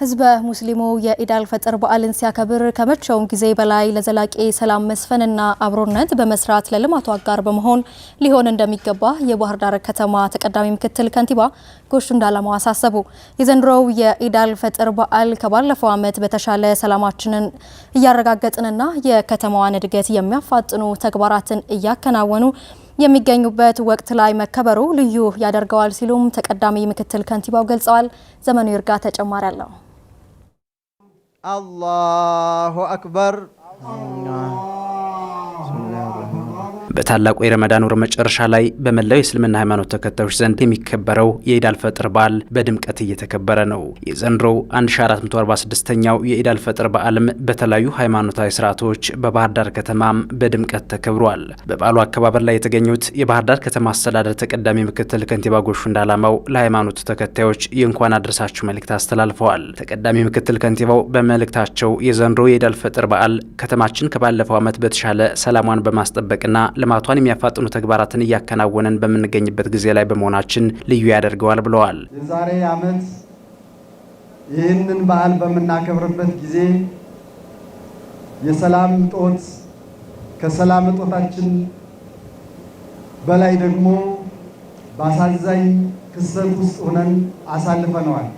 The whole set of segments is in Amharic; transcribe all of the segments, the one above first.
ህዝበ ሙስሊሙ የኢዳል ፈጥር በዓልን ሲያከብር ከመቼውም ጊዜ በላይ ለዘላቂ ሰላም መስፈንና አብሮነት በመስራት ለልማቱ አጋር በመሆን ሊሆን እንደሚገባ የባህር ዳር ከተማ ተቀዳሚ ምክትል ከንቲባ ጎሹ እንዳላማው አሳሰቡ። የዘንድሮው የኢዳል ፈጥር በዓል ከባለፈው ዓመት በተሻለ ሰላማችንን እያረጋገጥንና የከተማዋን እድገት የሚያፋጥኑ ተግባራትን እያከናወኑ የሚገኙበት ወቅት ላይ መከበሩ ልዩ ያደርገዋል ሲሉም ተቀዳሚ ምክትል ከንቲባው ገልጸዋል። ዘመኑ ይርጋ ተጨማሪ አለው። الله أكبر الله በታላቁ የረመዳን ወር መጨረሻ ላይ በመላው የእስልምና ሃይማኖት ተከታዮች ዘንድ የሚከበረው የኢዳል ፈጥር በዓል በድምቀት እየተከበረ ነው። የዘንድሮው 1446ኛው የኢዳል ፈጥር በዓልም በተለያዩ ሃይማኖታዊ ስርዓቶች በባህር ዳር ከተማም በድምቀት ተከብሯል። በበዓሉ አከባበር ላይ የተገኙት የባህር ዳር ከተማ አስተዳደር ተቀዳሚ ምክትል ከንቲባ ጎሹ እንዳላማው ለሃይማኖቱ ተከታዮች የእንኳን አድረሳችሁ መልእክት አስተላልፈዋል። ተቀዳሚ ምክትል ከንቲባው በመልእክታቸው የዘንድሮ የኢዳል ፈጥር በዓል ከተማችን ከባለፈው ዓመት በተሻለ ሰላሟን በማስጠበቅና ልማቷን የሚያፋጥኑ ተግባራትን እያከናወነን በምንገኝበት ጊዜ ላይ በመሆናችን ልዩ ያደርገዋል ብለዋል። የዛሬ ዓመት ይህንን በዓል በምናከብርበት ጊዜ የሰላም እጦት ከሰላም እጦታችን በላይ ደግሞ በአሳዛኝ ክስተት ውስጥ ሆነን አሳልፈነዋል።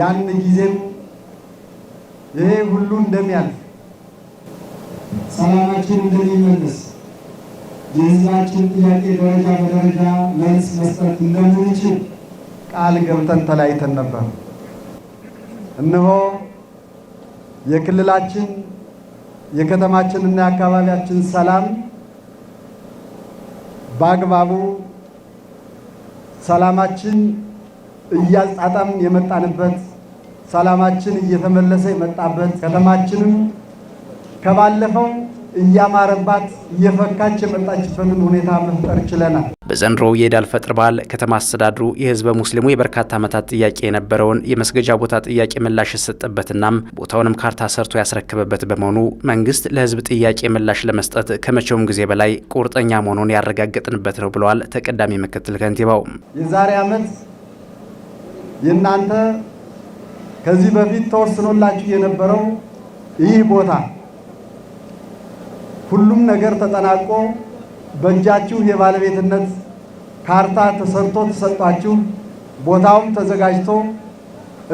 ያን ጊዜም ይሄ ሁሉ እንደሚያልፍ ሰላማችን እንደሚመልስ የህዝባችን ጥያቄ ደረጃ በደረጃ መልስ መስጠት እንደምንችል ቃል ገብተን ተለያይተን ነበር። እነሆ የክልላችን የከተማችንና የአካባቢያችን ሰላም በአግባቡ ሰላማችን እያጣጣም የመጣንበት ሰላማችን እየተመለሰ የመጣበት ከተማችንም ከባለፈው እያማረባት እየፈካች የመጣችበትን ሁኔታ መፍጠር ችለናል። በዘንድሮው የኢድ አልፈጥር በዓል ከተማ አስተዳድሩ የህዝበ ሙስሊሙ የበርካታ ዓመታት ጥያቄ የነበረውን የመስገጃ ቦታ ጥያቄ ምላሽ የሰጠበትናም ቦታውንም ካርታ ሰርቶ ያስረከበበት በመሆኑ መንግስት ለህዝብ ጥያቄ ምላሽ ለመስጠት ከመቼውም ጊዜ በላይ ቁርጠኛ መሆኑን ያረጋገጥንበት ነው ብለዋል ተቀዳሚ ምክትል ከንቲባው። የዛሬ ዓመት የእናንተ ከዚህ በፊት ተወስኖላችሁ የነበረው ይህ ቦታ ሁሉም ነገር ተጠናቆ በእጃችሁ የባለቤትነት ካርታ ተሰርቶ ተሰጧችሁ ቦታውም ተዘጋጅቶ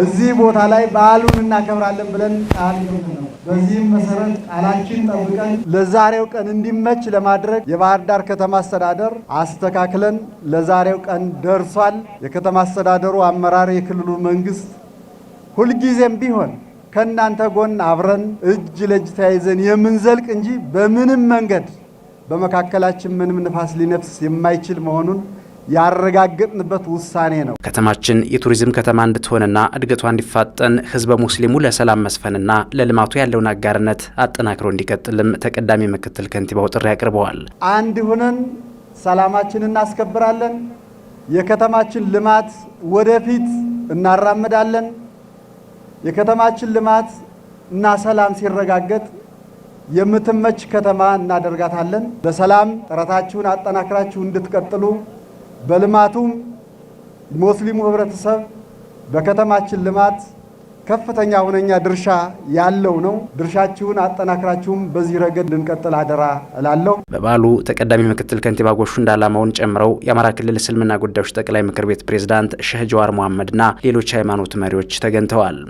እዚህ ቦታ ላይ በዓሉን እናከብራለን ብለን ቃል ነው። በዚህም መሰረት ቃላችን ጠብቀን ለዛሬው ቀን እንዲመች ለማድረግ የባህር ዳር ከተማ አስተዳደር አስተካክለን ለዛሬው ቀን ደርሷል። የከተማ አስተዳደሩ አመራር፣ የክልሉ መንግስት ሁልጊዜም ቢሆን ከእናንተ ጎን አብረን እጅ ለእጅ ተያይዘን የምንዘልቅ እንጂ በምንም መንገድ በመካከላችን ምንም ንፋስ ሊነፍስ የማይችል መሆኑን ያረጋገጥንበት ውሳኔ ነው። ከተማችን የቱሪዝም ከተማ እንድትሆንና እድገቷ እንዲፋጠን ህዝበ ሙስሊሙ ለሰላም መስፈንና ለልማቱ ያለውን አጋርነት አጠናክሮ እንዲቀጥልም ተቀዳሚ ምክትል ከንቲባው ጥሪ አቅርበዋል። አንድ ሁነን ሰላማችን እናስከብራለን፣ የከተማችን ልማት ወደፊት እናራምዳለን። የከተማችን ልማት እና ሰላም ሲረጋገጥ የምትመች ከተማ እናደርጋታለን። በሰላም ጥረታችሁን አጠናክራችሁ እንድትቀጥሉ በልማቱም ሙስሊሙ ህብረተሰብ በከተማችን ልማት ከፍተኛ ሁነኛ ድርሻ ያለው ነው። ድርሻችሁን አጠናክራችሁም በዚህ ረገድ እንድንቀጥል አደራ እላለሁ። በበዓሉ ተቀዳሚ ምክትል ከንቲባ ጎሹ እንዳላማውን ጨምረው የአማራ ክልል እስልምና ጉዳዮች ጠቅላይ ምክር ቤት ፕሬዝዳንት ሸህ ጀዋር መሐመድና ሌሎች ሃይማኖት መሪዎች ተገኝተዋል።